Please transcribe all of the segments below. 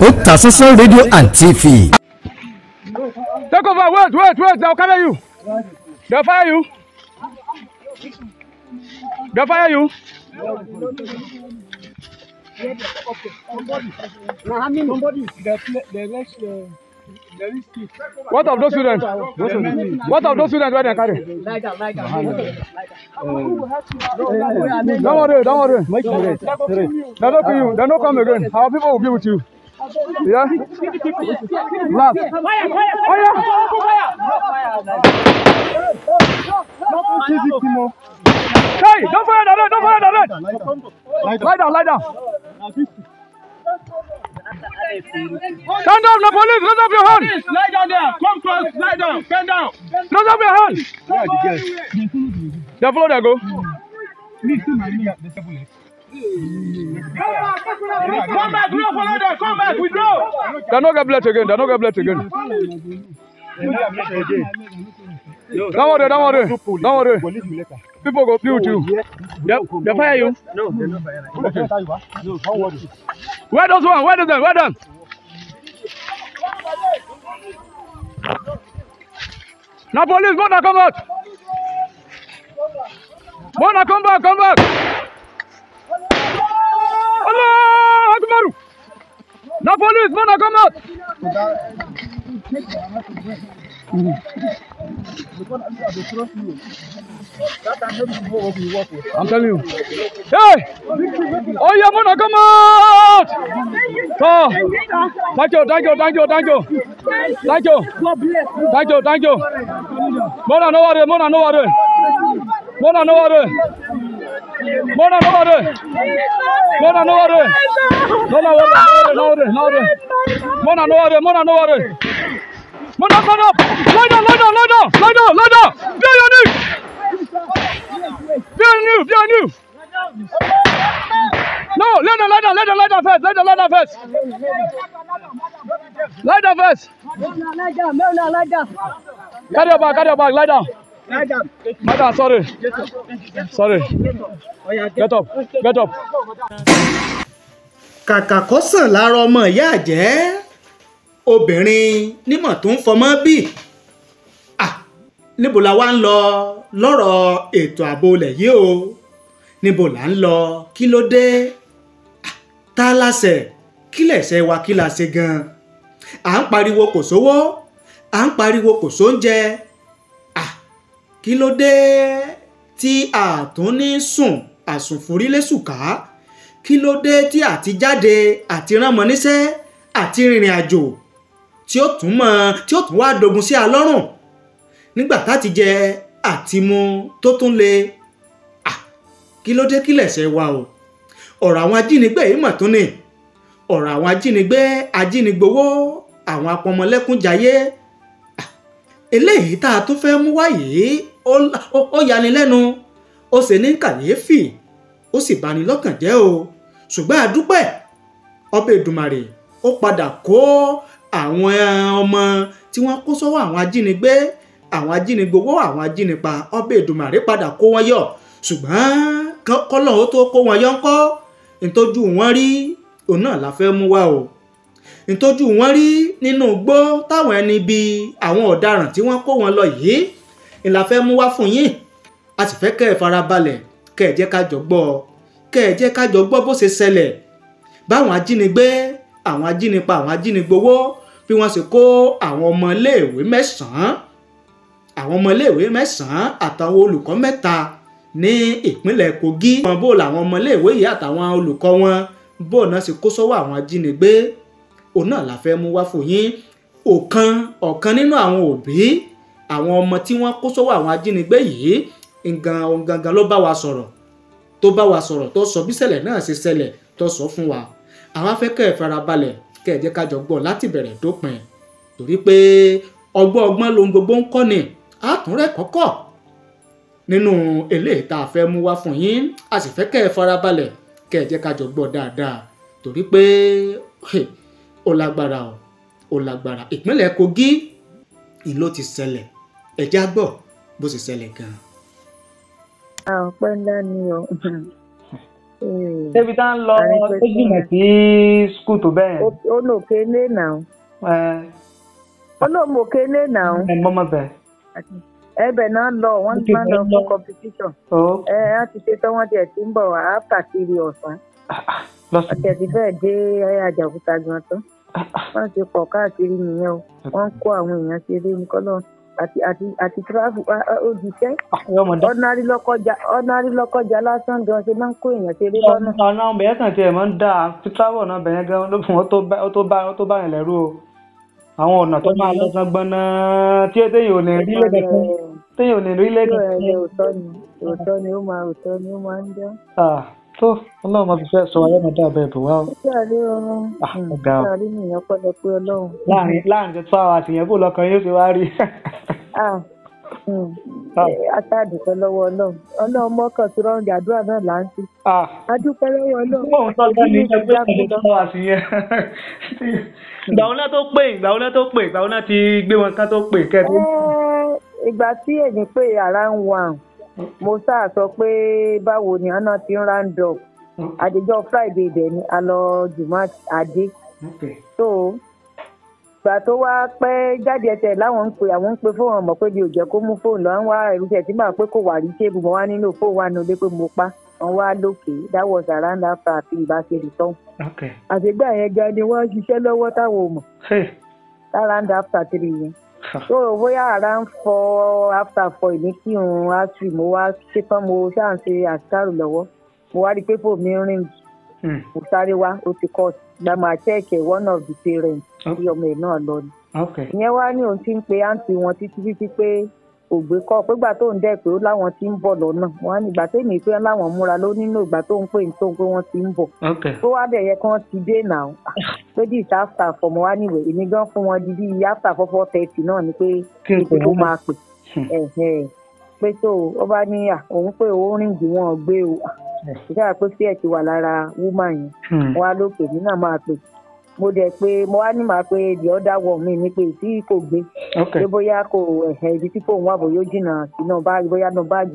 Otasansan radio and TV. Take over, wait, wait, wait, they'll cover you. They'll fire you. They'll fire you. What of those students? What of those students where they carry? Like that, like that. Don't worry, don't worry. They're not kill you. They're not coming again. Our people will be with you. Yeah. Last. Fire, fire, fire. Not too victim. Hey, don't fire that red, don't fire that red. Lie down, lie down. Stand up, the police, raise up your hand. Lie down there, come close, lie down, bend down. Raise up your hand. Where are the girls? They follow their go. Please, my name, the police. Come back, no follow them. Come back, we go. They're not gonna bleed again. They're not gonna bleed again. Don't worry, don't worry, don't worry. People go mute you. Yeah. they fire you. No, they not fire. Okay. Where those one? Where them? Where them? Now police, bona come out. Bona come back, come back. Allah Akbar! La police, mon accommode! I'm telling you. Hey! Oh yeah, Mona, come out. So, thank you, thank you, thank you, thank you. Thank you. Thank you, thank you. Mona, no worry, Mona, no worry. Mona, no worry. Mona Nore! Mona Nore! Mona Nore! no, Nore! no, Nore! Mona Nore! Mona no, Lie down! no, down! Lie down! Lie down! Lie down! Be on your knees! Be on you! Be on you! No! Lie down! Lie down! Lie down! Lie down first! Lie down! Lie down first! Lie down first! Lie down! Lie down! Carry your back! Carry your back! Lie down! Madam, sorry. Sorry. Get up. Get up. Kàkà kó sàn lára ọmọ ìyá àjẹ́, obìnrin nímọ̀ tó ń fọmọ́ bí. Níbo la wá ń lọ lọ́rọ̀ ètò ààbò ilẹ̀ yìí o? Níbo la ń lọ? Kí ló dé? Ta lásẹ̀? Kí lẹ̀ṣẹ̀ wa kí la ṣe gan À ń pariwo kò sówó, à ń pariwo kò sóúnjẹ, kí ló dé tí àtúní sùn àsùnfòrí lẹ́sùká kí ló dé tí àtijáde àti ránmọ níṣẹ́ àti rìnrìn àjò tí ó tún mọ tí ó tún wá dogun sí alọ́rùn nígbà táti jẹ àti mu tó tún le kí ló dé kí lẹ̀ṣẹ̀ wa o ọ̀rọ̀ àwọn ajínigbé yìí mọ̀ tún ni ọ̀rọ̀ àwọn ajínigbé ajínigbowó àwọn apọmọlẹ́kúnjayé eléyìí tá a tún fẹ́ mú wá ó yanilẹ́nu ó sì ní kàyéfì ó sì bani lọ́kàn jẹ́ o ṣùgbọ́n àdúpẹ́ ọba Èdùmàrè ó padà kó àwọn eh, ọmọ tí wọ́n kó sọ́wọ́ àwọn ajínigbé àwọn ajínigbowó àwọn ajínipa ọba Èdùmàrè padà kó wọn yọ ṣùgbọ́n kọ́lọ̀ ó tó kó wọn yọ ńkọ́ ntójú wọn rí òun náà la fẹ́ mú wá o ntójú wọn rí nínú igbó táwọn ẹni bíi àwọn ọ̀daràn tí wọ́n kó wọn lọ yìí la fẹ́ mú wá fún yín a sì fẹ́ kẹ́ ẹ̀ farabalẹ̀ kẹ́ ẹ̀ jẹ́ ká jọ gbọ́ kẹ́ ẹ̀ jẹ́ ká jọ gbọ́ bó ṣe ṣẹlẹ̀ báwọn ajínigbé àwọn ajínipa àwọn ajínigbowó bí wọ́n ṣe kó àwọn ọmọ iléèwé mẹ́sàn-án àwọn ọmọ iléèwé mẹ́sàn-án àtàwọn olùkọ́ mẹ́ta ní ìpínlẹ̀ Kogi wọn bó làwọn ọmọ iléèwé yìí àtàwọn olùkọ́ wọn bó náà ṣe kó sọ́wọ́ àwọn ajínigbé òun náà la fẹ́ mú wá fún yín ọ̀kan ọ̀kan nínú àwọn òbí àwọn ọmọ tí wọ́n kó sọ́wọ́ àwọn ajínigbé yìí nǹkan gangan ló bá wa sọ̀rọ̀ tó bá wa sọ̀rọ̀ tó sọ bísẹ̀lẹ̀ náà ṣe ṣẹlẹ̀ tó sọ fún wa àwọn afẹ́kẹ́ ìfarabalẹ̀ kẹ́ ẹ jẹ́ ká jọ gbọ́ láti bẹ̀rẹ̀ dópin torí pé ọgbọ́n ọgbọ́n lohun gbogbo ń kọ́ ni àtúnrẹ́ kọ́kọ́ nínú eléyìí tá a fẹ́ mú wá fún yín a sì fẹ́ kẹ́ kẹ́ ẹ jẹ́ ká jọ gbọ́ dáadáa torí pé ó lágbára ó lágbára ìpínlẹ̀ Kogi ìlú ti ṣẹlẹ̀ ẹ̀já gbọ́ bó sì ṣẹlẹ̀ gan-an. a ọpẹ́ ńlá ni o. débi tá ń lọ tó jìnnà sí skul tó bẹ́ẹ̀. ó lò kélé náà. ó lò mò kélé náà. ẹ mọ́mọ́ bẹ́ẹ̀. ẹbẹ náà lọ wọn ti máa lọ fún competition. ẹ á ti ṣe tán wọn tiẹ̀ ti ń bọ̀ wá káàkiri ọ̀sán. ọ̀sẹ̀ ti fẹ́ẹ̀ dé Àjàòkúta gan tán. Ah, ah. wọ́n ti pọ̀ káàkiri nìyẹn o wọ́n ń kó àwọn èèyàn ṣeré ní kọ́lọ́ọ̀sì àti àti àti travel òjíṣẹ́ ah, ọ̀nàrí lọ́kọjà ọ̀nàrí lọ́kọjà lásán gan ṣe máa ń kó èèyàn ṣeré lọ́nà. ọ̀nà ọ̀nà bẹ̀yẹn kàn tiẹ̀ máa ń dà tí travel náà bẹ̀yẹn gan ló fún ọ tó bá yẹn lẹ́rú o àwọn ọ̀nà tó máa lọ gbọ́n náà tí téèyàn ò lè rí lẹ́gbẹ̀ẹ́ kan téèyàn ò lè rí lẹ́gbẹ̀ẹ́ kan. òótọ́ tó ọlọ́run máa fi fẹ́ sọ ayé máa dábàá ẹ̀bùn wá. láàrin láàrin mi ìyẹn pẹ̀lẹ́ pé ọlọ́run. láàrin láàrin tó tó àwọn àtìyẹn bò lọkàn yóò ṣe wá rí. Atádùpẹ́ ah, hmm. ah. eh, lọ́wọ́ ọlọ́run. Ọlọ́run mọ́kàn tí rọ́ǹdì àdúrà náà là ń ṣe. Adúpẹ́ ah. lọ́wọ́ ọlọ́run. Mọ̀ ń tọ́jú ní ẹgbẹ́ ìṣẹ̀lẹ̀ tó wà sí yẹn. Ìgbà wo náà tó pè ìgbà wo náà tó pè ìgbà wo náà ti gbé wọn ká tó pè kẹ́ẹ̀dé. Eh, ìgbà tí èyí pé ara ń wà mo sọ pé báwo ni ọ̀nà ti ń round up àdéjọ friday dẹ̀ ni a lọ jùmọ̀ àdé so ìgbà tó wá pẹ́ jáde ẹsẹ̀ láwọn ń pe àwọn ń pe fóònù ọmọ pé mi ò jẹ́ kó mú fóònù lọ ń wá ẹrúṣẹ tí màá pé kò wà rí ṣéèbù mo wá nínú fóònù wa nílé pé mo pa wọn wá lókè that was around after àti ìbáṣepọ̀ tán àtìgbà yẹn gan ni wọ́n ṣiṣẹ́ lọ́wọ́ táwọn ò mọ̀ around after three yẹn so bóyá ara ń fọ after fọ ìní kí n asiri mo wá ṣe tán mo ṣáà ń ṣe àṣàrò lọ́wọ́ mo wá rí i pé fò mí rìn hmm. mo sáré wá ó ti kọ́ gbàmọ̀ àtẹ́ẹ̀kẹ́ one of the parents bí oh. ọmọ ẹ̀ náà lọ ni ìyẹn wá ní òun ti ń pe àǹtí wọn títí títí pé kò gbé kọ́ pégbà tó ń dẹ́ pé ó láwọn tí ń bọ̀ lọ́nà wọn á ní ìgbà tó èmi pé láwọn múra ló nínú ìgbà tó ń pè ní tó ń pé wọ́n ti ń bọ̀ tó wá dẹ̀ kí wọ́n ti dé nà pé di ìta after four wá níwèé èmi gan fún wọn di bí after four four náà ni pé ètò tó máa pè pé tó ó bá ní à òun pé òun rìn jù wọn gbé o ìṣe àpèsè ẹ̀ ti wà lára woman yẹn hmm. wọn á lókè nínú àmọ́ àpèsè mo dẹ̀ pé mo wá ní màá pé the other one mi ni pé tí kò gbé pé bóyá kò ẹ̀hẹ́ ibi tí kò ń wà bó yóò jìnnà sí náà bóyá náà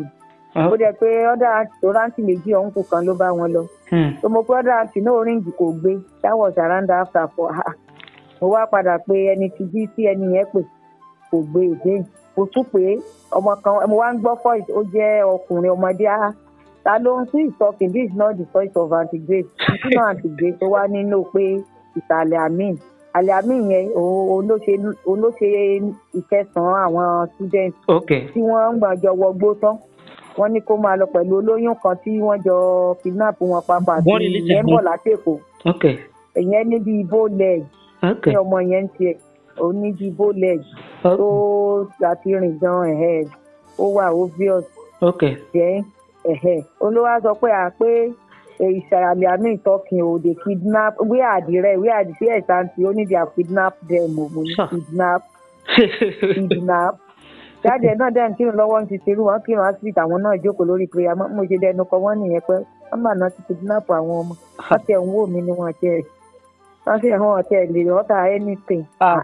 ah. mo dẹ̀ pé ọ̀dà rántí méjì ọ̀hún kan ló bá wọn lọ hmm. so mo pé ọ̀dà rántí náà kò gbé that was around after four mo wá padà pé ẹni tí tí ẹni yẹn pè kò gbé èdè mo tún pé ọmọ kan mo wá ń gbọ́ jẹ́ ọkùnrin ọmọdé ah, ta ló ń this not the ìsàlẹ̀ àmín àlẹ́ àmì yẹn òun ló ṣe ìkẹsàn-án àwọn students tí wọ́n ń gbàjọ wọgbó tán wọ́n ní kó máa lọ pẹ̀lú olóyún kan tí wọ́n jọ kidnap wọn papọ̀ àti ìyẹn bọ̀ látẹ̀kọ̀ ìyẹn níbi ibo leg ní ọmọ yẹn ń tiẹ̀ òun níbi ibo leg tó àti rìn gan ó wà obvious jẹ́ olówó á sọ pé à pé. It shall be, I oh, they kidnap, we are the right, we are the yes, auntie, only they have kidnapped them, we oh, huh. kidnap, kidnap. jáde náà dẹ́n kírun lọ́wọ́ ń ti ṣerú wọn kírun asibiti àwọn náà jókòó lórí pé àmọ́ mo ṣe dẹnu kọ wọ́n nìyẹn pé wọ́n mà náà ti kidnap àwọn ọmọ wọ́n tẹ̀ ń wò mí ni wọ́n tẹ̀ wọ́n sì hàn ọ̀tẹ̀ lè ọ̀tà anything. Ah.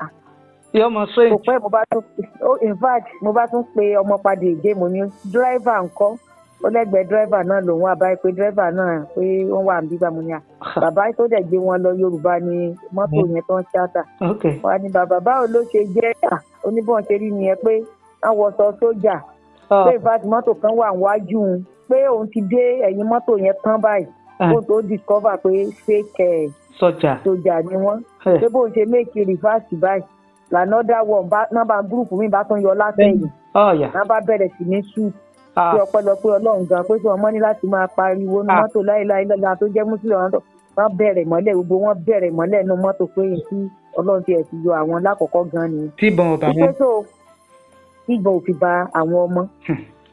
yóò mọ sóyè. kò pẹ́ mo bá tún oh, in fact mo bá tún pe ọmọ padà èdè mo ní dírẹ́fà ńkọ́ ó lẹ́gbẹ̀ẹ́ dírẹ́fà náà lòun àbáyé pé dírẹ́fà náà pé wọ́n wà níbí bá ah. bàbá tó dẹ̀ gbé wọn lọ yorùbá ni mọ́tò mm. yẹn tó ń ṣáàtà wà ní bàbá báwo ló ṣe jẹ́ à oníbọ̀n ṣe rí nìyẹn pé àwọn sójà ah. pé ìfàtí mọ́tò kan wà wájú un pé òun ti dé ẹ̀yìn mọ́tò yẹn tán báyìí kó ah. tó discover pé fake eh, sójà sójà ni wọ́n eh. pé bóun ṣe méèkì rìfáàsì báyìí lànà dá wọ̀ gúrùpù mi bá tún yọ látẹ̀yìn oh, nọ́mbà bẹ̀rẹ̀ sí ní ṣùkú Ah. pé ọpẹ́lọpẹ́ Ọlọ́run gan pé tí wọn mọ ní láti máa pariwo ní ah. mọ́tò láìláì lọlá tó jẹ́ mùsùlùmí ọ̀hún tó wọn bẹ̀rẹ̀ mọ́lẹ̀ gbogbo wọn bẹ̀rẹ̀ mọ́lẹ̀ nínú mọ́tò pé yìí tí Ọlọ́run ti ẹ ti yọ àwọn lákọ̀ọ́kọ́ gan ni. tíbọn ọba wọn. tíbọn ò fi ba àwọn ọmọ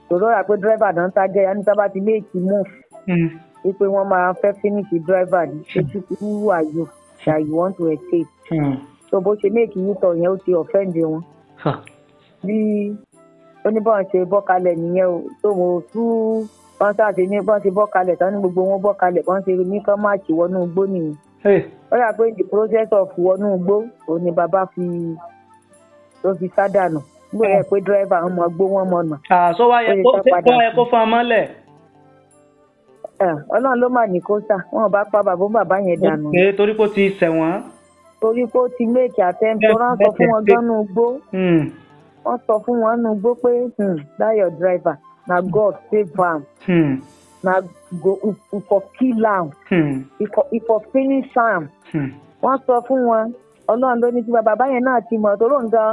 tòrọ hmm. rà pé dírẹ́fà náà ń tajẹ́ yá ní sábà ti léèkì move hmm. wípé wọ́n máa fẹ́ fínísì dírẹ́fà ní hmm. ṣéjú who are you that you want to escape. tó bó ṣe méèkì yìí tọ̀ yẹn ó ti ọ̀fẹ́ǹdì wọn ó ní bọ́n ṣe bọ́ kalẹ̀ nìyẹn o tó mo tú wọ́n ṣáàtì ní bọ́n ṣe bọ́ kalẹ̀ tán ní gbogbo wọn bọ́ kalẹ̀ bọ́n ṣe ní kán má ṣì wọnú igbó nìyẹn. ó yà pé the process of wọnú igbó òun ni bàbá fi ló fi sádànù nígbà ah, yẹ pé dírẹ́fà ń mọ gbó wọn mọ nà. àṣọ wa yẹ kó fún ọmọ lẹ̀. ọlọ́run ló mà ní kó sà wọn bá pa bàbá bàbá yẹn dànù. torí kó ti sẹ̀wọ̀n. torí kó ti méèkì àtẹ̀ńtò ránṣọ fún wọn gánú gbó. Hmm wọ́n sọ fún wọn nù gbó pé hmm, that your driver na God save am. Hmm. na go e for kill am. e for finish am. Hmm. wọ́n sọ fún wọn ọlọ́run ló ní tí bàbá yẹn náà ti mọ̀ tóró nǹkan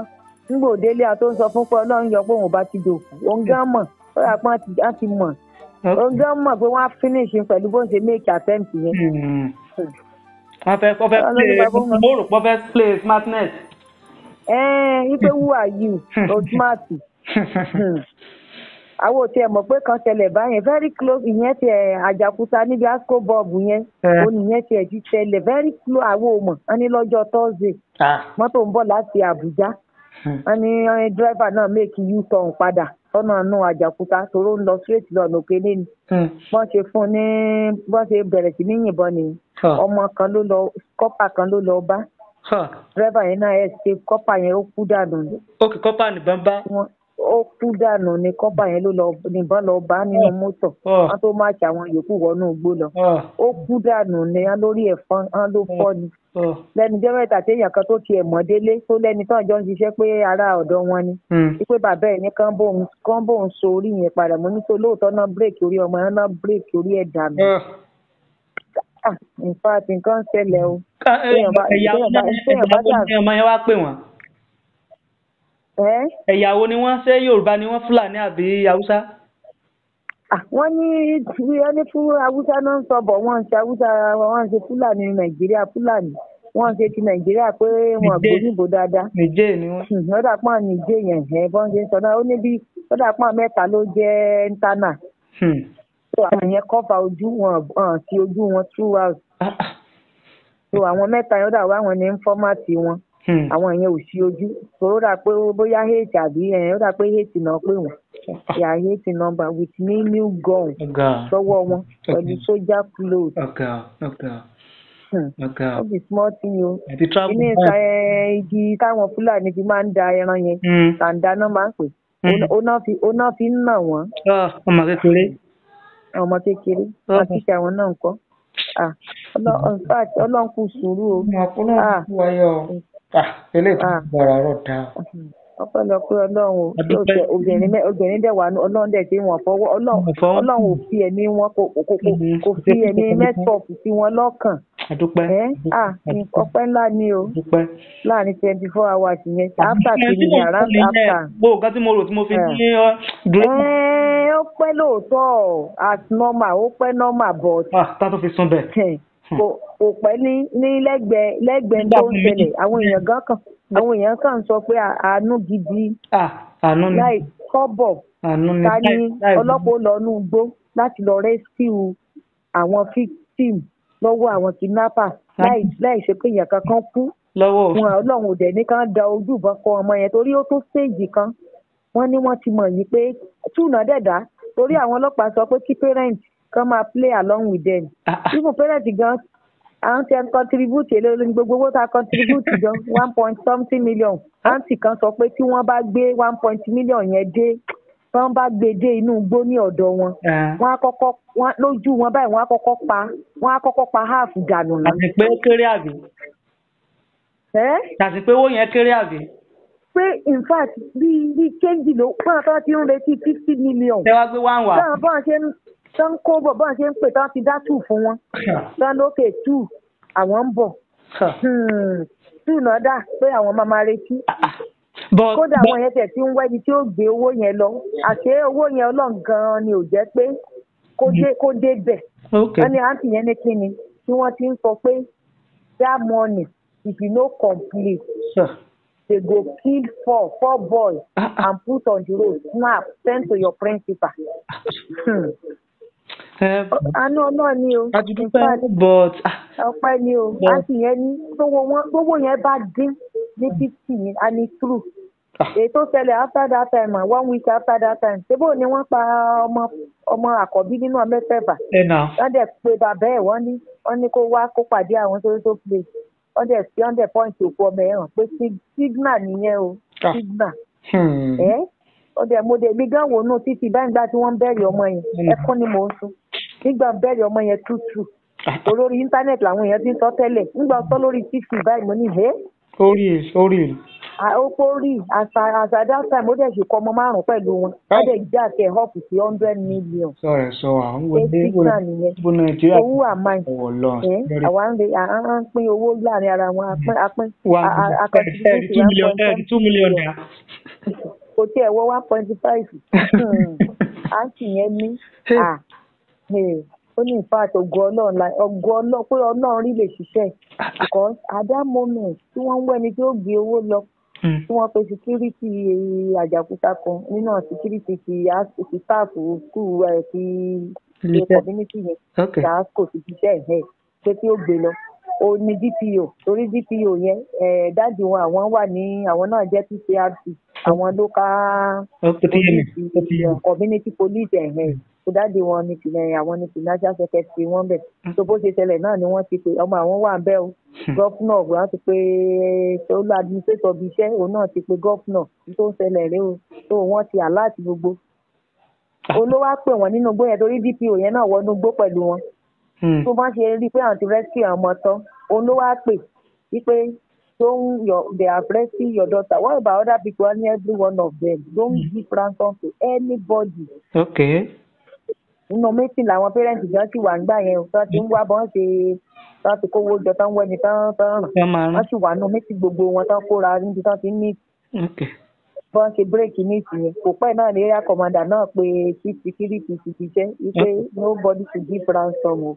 nígbò délé àti òun sọ fún pé ọlọ́run yọ pé òun bá ti dòkú òun gán mọ̀ ó yà pé wọ́n ti mọ̀ òun gán mọ̀ pé wọ́n á finish pẹ̀lú bó ń ṣe make attempt yẹn. wọ́n fẹ́ wọ́n fẹ́ play mo rò pé wọ́n fẹ́ play smartness. ẹ ẹ wípé who are you ọdúnmáàtì àwọn òtí ẹ mọ̀ pé kan ṣẹlẹ̀ báyẹn very close ìyẹn ti ẹ̀ àjàkúta níbi asco bob yẹn eh. ó nìyẹn ti ẹ̀ ti ṣẹlẹ̀ very close àwọn òmọ̀ wọn ní lọ́jọ́ thursday ah. mọ́tò ń bọ̀ láti àbújá hmm. wọn ní eh, náà make you turn padà tọ́nà nù àjàkúta tóró ń lọ straight lọ lókè lẹ́nu hmm. wọ́n ṣe fún ní wọ́n ṣe bẹ̀rẹ̀ sí ní yìnbọn nìyí ọmọ kan ló lọ kọ́pà kan ló lọ bá dírẹ́bà yẹn náà ẹ̀ ṣe kọ́pà yẹn ó kú dànù ni. ok kọ́pà nìbọn bá. ó kú dànù ni kọ́pà yẹn ló lọ nìbọn lọ bá nínú oh. mọ́tò oh. wọ́n tó máa ṣe àwọn yòókù wọnú igbó lọ. Oh. ó kú dànù ni á lórí ẹ̀fọn á ló fọ́ ni. lẹ́nu jẹ́ mẹ́ta téèyàn kan tó tiẹ̀ mọ́ délé tó lẹ́ni tán jọ ń ṣiṣẹ́ pé ara ọ̀dọ̀ wọn ni. Hmm. wípé bàbá ẹ̀ ní kánbóhùn so orí yẹn padà mo ní so lóòótọ́ náà bírèkì orí ọmọ náà bírèkì orí ẹ̀ dànù nǹkan ah, àti nǹkan ń ṣẹlẹ̀ o. Eh, ẹ̀yà ọmọ yẹn wá pè wọ́n. ẹ̀yà wo ni wọ́n ṣe yorùbá ni wọ́n fúlàní àbí haúsá. Ah, wọ́n ní bí wọ́n ní fún haúsá náà ń sọ bọ̀ wọ́n ń ṣe haúsá wọ́n ń ṣe fúlàní nàìjíríà fúlàní wọ́n ṣe ti nàìjíríà pé wọ́n gbóyìnbó dáadáa. nìjẹ́ ni wọ́n. lọ́dà hmm, pọ́n nìjẹ́ yẹn bọ́n ṣe ń sọ náà ó ní bí lọ́dà pọ́n mẹ́ta ló jẹ́ ńtánà so àwọn yẹn cover ojú wọn hàn sí ojú wọn throughout so àwọn mẹ́ta yẹn ó dà wá àwọn ní fọ́mátì wọn hmm. àwọn yẹn ò sí ojú so ó dà pé bóyá hate àbí ó dà pé hate náà pé wọn yà hate number with me new gun lọ́wọ́ oh, wọn pẹ̀lú soldier clothes. Oh, oh, hmm. ó bí small thing o inú ìta eh, igi táwọn fúlàní fi máa ń da ẹran yẹn hmm. tàǹdà náà máa ń pè ó náà fi ń nà wọ́n. Ah, ọmọ kékeré. ọmọ kékeré àti ti àwọn náà ńkọ́ mm-hmm. ọlọ́run kù sùúrù o. ọ̀pọ̀lọpọ̀ fún ayọ̀ tó mm-hmm. ọlọ́run o obìnrin dẹ̀ wà ọlọ́run dẹ̀ wọ́n fọwọ́ ọlọ́run ò fi ẹ̀mí wọn kò fi ẹ̀mí mẹ́tọ̀ọ̀fù sí wọn lọ́kàn ọpẹ́ ńlá ni o láàrin twenty hours yẹn pẹ́ lóòótọ́ as normal ó pẹ́ normal but. ah tá tó fi sún bẹ́ẹ̀. Hmm. kò pẹ́ ní ní lẹ́gbẹ̀ẹ́ lẹ́gbẹ̀ẹ́ tó ń ṣẹlẹ̀ àwọn èèyàn gan kan àwọn èèyàn kan sọ pé àánú gidi. ah àánú ni láì kọ́bọ̀ ká ní ọlọ́pàá lọ́nú gbó láti lọ rescue àwọn victim lọ́wọ́ àwọn kidnapper láì ṣe pé èèyàn kankan kú lọ́wọ́ òfin. wọn ọlọ́run ò dẹ̀ ní ká da ojú ìbọn kọ ọmọ yẹn torí ó tó séèjì kan wọ́n ní wọ́n ti mọ̀ yìí pé túnà dẹ̀dá torí àwọn ọlọ́pàá sọ pé kí parent kan máa play along with them ah. even parent gan àwọn tí a contribute èlé olóyìn gbogbo owó tá contribute jọ one point something million àǹtí kan sọ pé tí wọ́n bá gbé one point million yẹn dé wọ́n bá gbé dé inú igbó ní ọ̀dọ̀ wọn ah. wọ́n á kọ́kọ́ lójú wọn báyìí wọ́n á kọ́kọ́ pa wọ́n á kọ́kọ́ pa half dànù àti pé ó kéré àbí. ẹ́ àti pé owó yẹn kéré àbí pé in fact bíi bíi kéjì ló báwọn tó ti ń retí fifty million. ṣé wàá gbé one wá. báwọn báwọn ṣe ń tó ń kó bọ̀ báwọn ṣe ń pè tó ti dá two fún wọn. tó ń lókè two àwọn ń bọ̀. Hmm. two náà dà pé àwọn máa máa retí. kódà àwọn yẹn tẹ̀ tí ń wẹ́ni tí ó gbé owó yẹn lọ àṣé owó yẹn ọlọ́run gan-an ni ò jẹ́ pé kó dé bẹ̀. wọ́n ní àǹtí yẹn ní kíni tí wọ́n ti ń sọ pé that money if you no complete. Sure they go kill four four boys ah, ah. and put on the road snap send to your principal. àánú hmm. um, ah, ọlọ́ọ̀ ni o adúpẹ́ but ọpẹ́ ni o àti yẹn ní gbogbo yẹn bá dín ní fifty ni a ní true èyí tó ṣẹlẹ̀ after that time one week after that time ṣébò ni wọ́n pa ọmọ ọmọ àkọ́bí nínú ọmọ ẹ̀fẹ̀fà wọ́n dẹ̀ pe bàbá ẹ̀ wọ́n ní wọ́n ní kó wá kó pàdé àwọn tó tó play. wọ́n ah. hmm. dẹ̀ fi wọ́n dẹ̀ òkú ọmọ ẹ̀ hàn pé o mo mi gán títí báyìí ọmọ yẹn hmm. ẹkún ni mò ń sun nígbà ọmọ yẹn tútù ah. olórí íńtánẹ́ẹ̀tì làwọn èèyàn ti ń sọ tẹ́lẹ̀ nígbà lórí títí báyìí mo ní ó rí as at that time ó dẹ̀ ṣe kọ́ ọmọ márùn-ún pẹ̀lú wọn ó dẹ̀ já kẹ̀ up sí hundred million. sọ̀rọ̀ sọ àwọn wo dé bó nàìjíríà owó àmàì àwa ń pín owó láàrin ara wọn a pín akọsílẹ̀ two million two million naira. kò tiẹ̀ wọ one point five a sì yẹn ní ó ní ìfàtí ògo ọlọ́run la ògo ọlọ́run pé ọlọ́run rí lè ṣiṣẹ́ because at that moment tí wọ́n ń wẹ́ni tí ó gbé owó lọ Hmm. tí wọ́n pe security àjàkúta kan nínú security ti ti staff school eh, ti community yẹn ṣáà kò sì ṣiṣẹ́ ẹ̀ pé kí ó gbé lọ ó ní DPO torí DPO yẹn eh, dáàdi wọn àwọn wà ní àwọn náà jẹ́ PCRC àwọn local community police ẹ̀hìn kùdádì wọn ní tìlẹyìn eh, àwọn ní financial secretary wọn bẹ tó bó ṣe ṣẹlẹ̀ náà ni wọ́n ti pé ọmọ àwọn wà bẹ o hmm. gọfúnà wọn ti pé olú administrator bíi iṣẹ́ òun náà ti pé gọfúnà tó ń ṣẹlẹ̀ rẹ o tó wọ́n ti aláàtì gbogbo ah. olówó á pè wọ́n nínú igbó yẹn torí dpo yẹn náà wọnú igbó pẹ̀lú wọn hmm. tó bá ṣe rí i pé àwọn ti rescue àwọn ọmọ tán òun ló wá pè wípé don't your they are blessing your daughter what about other people and every one of them don't hmm. give ransom to anybody. okay. nínú meeting làwọn parents gan ti wà nígbà yẹn tó ti ń wá bọ́n ṣe tó ti kówó jọ tó ń wẹ́ni tó ń ràn wọ́n sì wà nínú meeting gbogbo wọn tó kóra níbi tó ti ń okay bọ́n ṣe bírèkì ní ìsìn kò pẹ́ náà ní area commander náà pé security ti ti jẹ́ wípé nobody should give ransom o.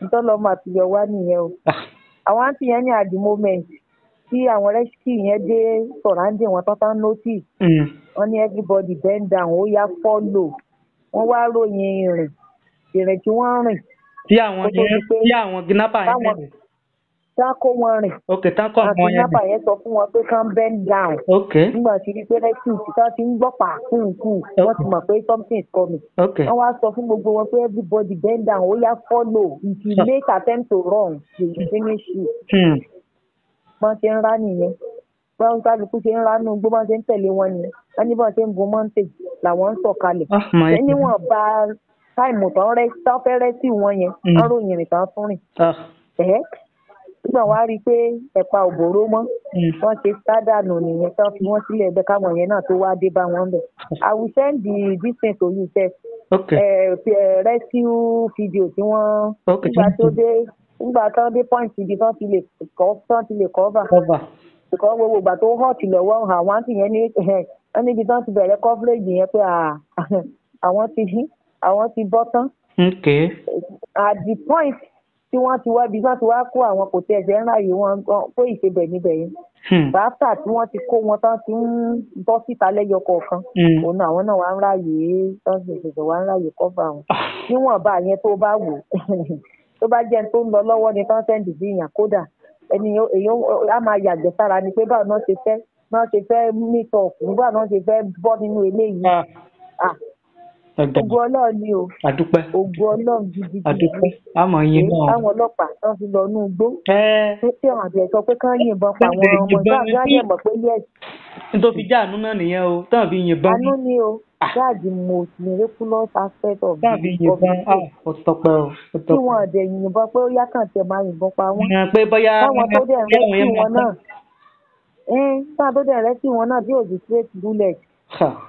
nítorí ọmọ àtijọ́ wa nìyẹn o. Ah àwọn àǹtí yẹn ní àdì moment tí àwọn rescue yẹn dé surrounding wọn tọ́tán notice mm. wọn ní everybody bend down ó yá follow wọn wá ròyìn ìrìn ìrìn tí wọ́n rìn. tí àwọn tí àwọn kidnapper yẹn bẹ̀rẹ̀ tán wọn rìn. ok tán àwọn yẹn àti nápà yẹn sọ fún wọn pé kán bend down. ok nígbà tí rí pé lẹ́sìn tí wọ́n ti ń gbọ́ pàákùnkùn wọ́n ti mọ̀ pé something is coming. ok wọ́n wá sọ fún gbogbo wọn pé everybody bend down ó yá follow if you make attempt to run you finish it. Hmm. wọ́n ṣe ń rá nìyẹn báwọn kálukú ṣe ń ránú gbó bá ṣe ń tẹ̀lé wọn ni wọ́n ní bọ́n ṣe ń bu mọ́ǹtè làwọn ń sọ̀kalẹ̀ ah, ṣé níwọ̀n bá táìmù tán fẹ́ rẹ́sì wọn yẹn hmm. wọ́n ròyìn rìn tán rìn ah nígbà wàá rí i pé ẹ̀pà ò bòró mọ́ hmm. wọ́n ṣe sádànù nìyẹn tán fi wọ́n sílẹ̀ ẹgbẹ́ káwọn yẹn náà tó wá dé bá wọn bẹ̀. I will send the distance to you sef. Okay. Uh, rescue video tí wọ́n nígbà tó dé nígbà tán dé point ibi tán ti lè kọ́ tán ti lè cover. cover. because gbogbo ìgbà tó hot lọ́wọ́ àwọn àǹtí yẹn ní eh, níbi tán ti bẹ̀rẹ̀ coverage yẹn pé ah, àwọn ti bọ́ tán. At the point tí wọ́n ti wá bí wọ́n ti wá kó àwọn kò tẹ ẹ̀jẹ̀ ńlá yìí wọ́n kó ìṣebẹ̀ níbẹ̀ yẹn. Hmm. bàtà tí wọ́n ti kó wọn tán ti ń bọ́ síta lẹ́yọ kọ̀ọ̀kan hmm. òun náà àwọn náà wà ń ráàyè tán sì ṣẹ̀ṣẹ̀ wà ń ráàyè kọ́fà wọn. Ah. níwọ̀nba yẹn tó bá wò tó bá jẹ́ tó ń lọ lọ́wọ́ ni tán sẹ́ǹdì sí ìyàn kódà ẹni èèyàn á máa yàgbẹ́ sára ni pé báwo náà ṣe fẹ́ náà ṣe fẹ́ mítọ̀ọ̀kù báwo náà ṣe fẹ́ bọ́ nínú eléyìí ah. Ah ògo ọlọ́run ni o àdúpẹ́ ògo ọlọ́run gidigidi àdúpẹ́ àmọ́ yín náà àwọn ọlọ́pàá tán fi lọ inú igbó tí àwọn àbẹ̀ sọ pé kán yìnbọn pa àwọn ọmọ ìgbàgbọ́ àyẹ̀mọ̀ pé yẹ. nítorí fi já àánú náà nìyẹn o tán fi yìnbọn. àánú ni o ah. that's the most miraculous aspect of the of the faith. tí wọn àdẹ yìnbọn pé ó yá kàn tẹ máa yìnbọn pa wọn. pé bóyá táwọn tó dẹ̀ rẹ́ sí wọn náà táwọn tó dẹ̀ rẹ́ sí wọn náà bí òjì straight bullet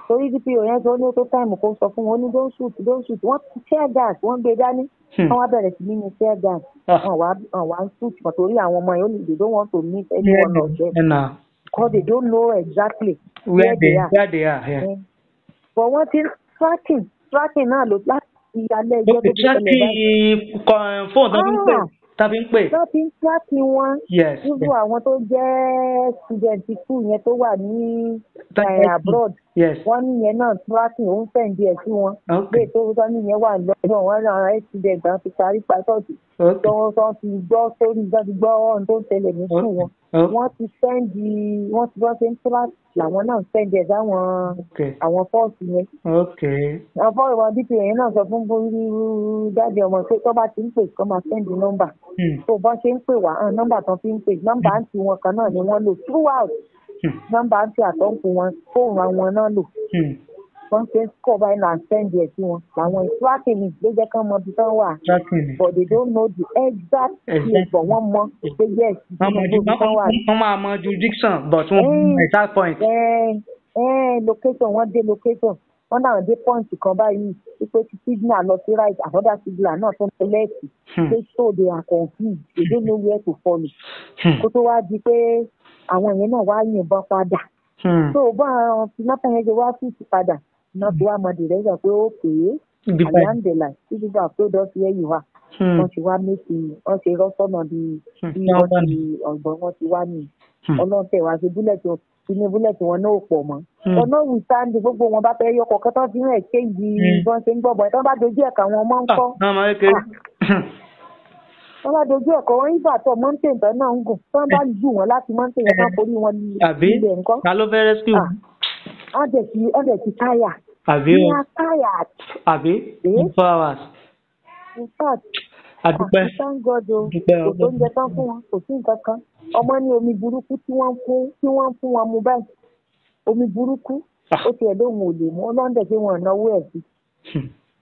torí dpo yẹn sọ ní ó tó táìmù kó sọ fún wọn ní don shoot don shoot wọ́n tear gas wọ́n gbé dání hmm. wọ́n wá bẹ̀rẹ̀ sí nínú tear gas wọ́n wá wá ń shoot wọn torí àwọn ọmọ yẹn ó ní they don't want to meet anyone of them because they don't know exactly where they are where they are yeah. Hmm. but wọ́n ti tracking tracking náà ló láti ìyálé ẹjọ́ tó fi ṣẹlẹ̀ báyìí. fóònù tó fi ń pè ah! tàbí ń pè. wọ́n ń kíláàsì wọn. irú àwọn tó jẹ́ student school yẹn tó wà ní eh, abroad wọ́n ní yẹn náà tíwáṣì ó ń fẹ̀ǹdí ẹ̀ sí wọn pé tó sọ níyẹn wà lọ́dọ̀ wọn náà àwọn accident gan fi parí pàtọ́ọ̀tì tó wọn ti gbọ́ sórí gan ti gbọ́ ọ̀hún tó ń tẹ̀lé ní sùn wọn wọ́n ti fẹ̀ǹdí wọ́n ti wọ́n ṣe ń tíwáṣì làwọn náà fẹ̀ǹdí ẹ̀ sáwọn àwọn fọ́ọ̀sì yẹn. àwọn fọ́ọ̀sì wọn bí tìrẹ̀ yẹn náà sọ fún dájú ọmọ pé tó bá ti ń pè kó máa fẹ̀ǹdí nọ́mbà tó bọ́ ṣe ń pè wá nọ́mbà tán fi ń pè nọ́mbà àǹtí wọn kan náà ni wọ́n lò throughout nọ́mbà hmm. àti àtọ́kù wọn fóònù àwọn náà lò hmm. wọ́n ṣe ń kọ́ báyìí náà send ẹ̀ sí wọn làwọn tracking ló jẹ́ kán mọ ibi tán wà but they don't know the exact place but wọ́n mọ pé yes ibi tán wà. wọ́n máa mọ jurisdiction but wọ́n mọ eh, exact point. Eh, eh, location wọ́n dé location wọ́n náà dé point kan báyìí wípé ti signal lọ sí right another signal náà tó ń tẹ lẹ́ẹ̀kì hmm. pé so they are confused they don't know where to follow kó tó wá di pé àwọn yẹn náà wá yìnbọn padà hmm. so bá àwọn pinápà yẹn ṣe wá fíìsì padà náà fi wá mọ dìrẹ́sà pé ó pè é àyàǹdẹ̀là títí bá àpéjọsí ẹ̀yìn wa wọ́n ti wá méjì wọ́n ṣe rọ́sọ́nà bí hmm. bí wọ́n ti ọ̀gbọ́n wọ́n ti wá nìyí hmm. ọlọ́run tẹ̀ wá sí búlẹ̀tì inú búlẹ̀tì wọn náà pọ̀ mọ́ ọ̀nà wìsáǹdì gbogbo wọn bá fẹ́ yọ kọ̀ọ̀kan tó fi hàn ṣé ìdí bọ́n ṣe ń gbọ̀bọ̀n tí wọ́n bá dojú ẹ̀ka wọn mọ́ ń ah, kọ́ wọ́n bá dojú ẹ̀kọ́ wọn yíba tọ mountain tó náà ń gùn bá lù eh. wọn láti mountain yẹn náà forí wọn ní nǹkan. àbí? ló fẹ́ rescue. Ah. wọ́n dẹ̀ ti wọ́n àbí wọn kò sí nǹkan kan ọmọ ní omi burúkú tí wọ́n fún tí wọ́n fún wọn báyìí omi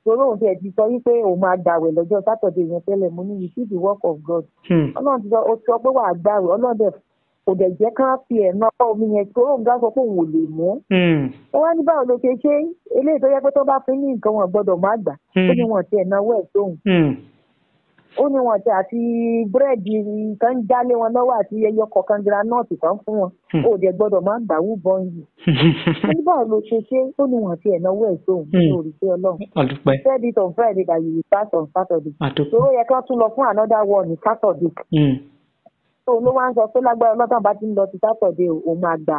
torí òun tiẹ̀ ti sọ wípé òun máa gbàwẹ̀ lọ́jọ́ sátọ̀dé yẹn tẹ́lẹ̀ mo ní you see the work of God hmm. ọlọ́run ti sọ ó sọ pé wàá gbàwẹ̀ ọlọ́run dẹ̀ kò dẹ̀ jẹ́ ká fi ẹ̀nà omi yẹn tó òun gbà sọ pé òun ò lè mú. wọ́n hmm. wá ní báwo ló ṣe ṣe eléyìí tó yẹ pé tó bá fi ní nǹkan wọn gbọ́dọ̀ má gbà hmm. ó ní wọn ti ẹ̀nà wẹ̀ tóun. ó ní wọn ti àti búrẹ́dì kan jálé wọn lọ́wọ́ àti ẹyọ kọ̀ọ̀kan granọ́ọ̀tì kan fún wọn hmm. ó dẹ̀ gbọ́dọ̀ máa ń gbàwú bọ́n yìí. ní báwo ló ṣe ṣe ó ní wọn ti ẹ̀ ẹ̀ sóhun hmm. ọlọ́run on friday by start on saturday yẹ kí wọ́n tún lọ fún another one ní saturday. Hmm. so ló wá ń sọ pé lágbára ọlọ́tàn bá ti ń lọ saturday òun máa gbà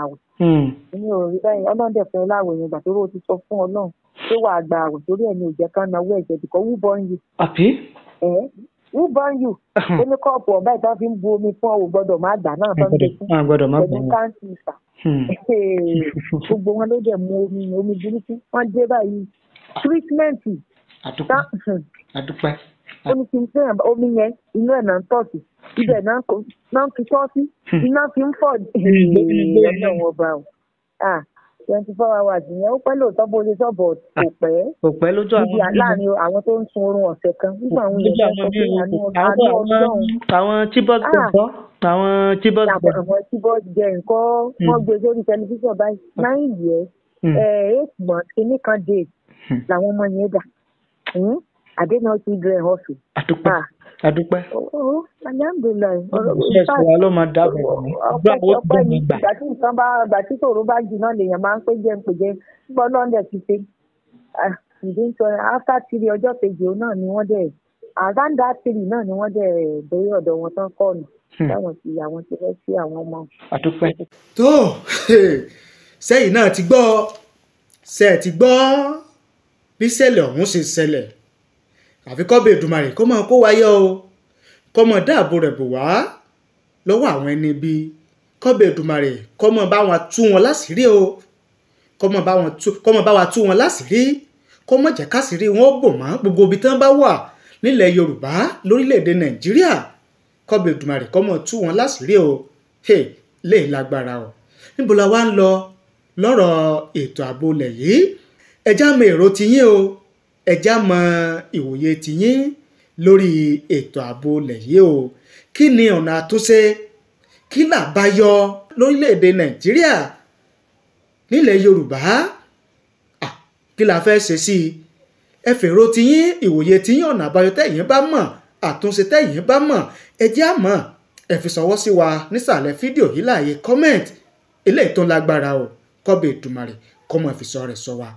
who born you ó ní kọ́ọ̀pù ọ̀bá ìtàn fi ń bu omi fún ọ̀wọ́ gbọ́dọ̀ má gbà náà tó ń gbé fún ẹ̀dùn káńtìfà hmm. gbogbo wọn ló dẹ̀ mu omi omi burúkú wọ́n dé báyìí tírítímẹ́ǹtì. àdúpẹ́ omi tí ń fẹ́ omi yẹn inú ẹ̀ náà ń tọ̀ sí ibẹ̀ náà ń fi tọ́ sí hmm. iná fi ń fọ̀ ìgbé ìgbé ọ̀nà ọ̀bà o twenty four hours yẹn ó pẹ́ lóòótọ́ bó ṣe sọ̀bọ̀ kò ah, pẹ́ kò pẹ́ lójú àwọn bíbí láàrin àwọn tó ń sun oorun ọ̀sẹ̀ kan nígbà àwọn yẹn sọ pé àánú ọlọ́run àwọn chibok ah! kò gbọ́ àwọn chibok gbọ́. àwọn chibok jẹ nǹkan hmm. wọn gbé sórí tẹlifíṣàn báyìí hmm. nine years hmm. eh, eight months kìíní kan dé làwọn ọmọ yẹn dà àdéhùn children hospital. àdúpẹ́ ah, adúpẹ́. alhamdulilayi. ṣe wa ló máa dábò wọn. ọpẹ́ ọpẹ́ ni ìgbà tí nǹkan bá ìgbà tí tòró bá jù náà lèèyàn máa ń pé jẹun pé jẹun gbọ́ lọ́ndẹ̀ ti ṣe ìdí ń sọ after three ọjọ́ kejì òun náà ni wọ́n dẹ̀ around that three náà ni wọ́n dẹ̀ dé ọ̀dọ̀ wọn tán kọ́ ọ̀nà hmm. táwọn ti àwọn ti rẹ́ sí àwọn ọmọ. adúpẹ́. tó sẹ́yìn náà ti gbọ́ ṣe ti gbọ́ bí ṣẹlẹ̀ ọ̀hún ṣe ṣẹlẹ̀ àfi kọ́ bẹ́ẹ̀ dùmarè kó mọ̀ kó wáyé o kó mọ̀ dáàbò rẹ̀ bò wá lọ́wọ́ àwọn ẹni bí kọ́ bẹ́ẹ̀ dùmarè kó mọ̀ bá wọn tú wọn láṣìírí o kó mọ̀ bá wa tú wọn láṣìírí kó mọ̀ jẹ́ káṣìírí wọn bò mọ́ gbogbo ibi tí wọ́n bá wà nílẹ̀ Yorùbá lórílẹ̀‐èdè Nàìjíríà kọ́ bẹ́ẹ̀ dùmarè kó mọ̀ tú wọn láṣìírí o lè lágbára o níbo la wá ń lọ lọ́rọ̀ ètò ààbò ilẹ̀ yìí ẹ̀já mi èrò ti yín o ẹjá mọ ìwòye tìyín lórí ètò ààbò ilẹ̀ yìí o kí ni ọ̀nà àtúnṣe kí làbáyọ lórílẹ̀‐èdè nàìjíríà nílẹ̀ yorùbá kí la fẹ́ ṣe sí i ẹ fèrò tiyín ìwòye tiyín ọ̀nà àbáyọ tẹ̀yin bá mọ̀ àtúnṣe tẹ̀yin bá mọ̀ ẹ jẹ́ àmọ́ ẹ fi ṣọwọ́ sí wa nísàlẹ̀ fídíò yìí láàyè comment eléyìí tó lágbára o kọ́bẹ̀ ètùmàrè kọ́mọ ìfisọ́ rẹ̀ sọ wa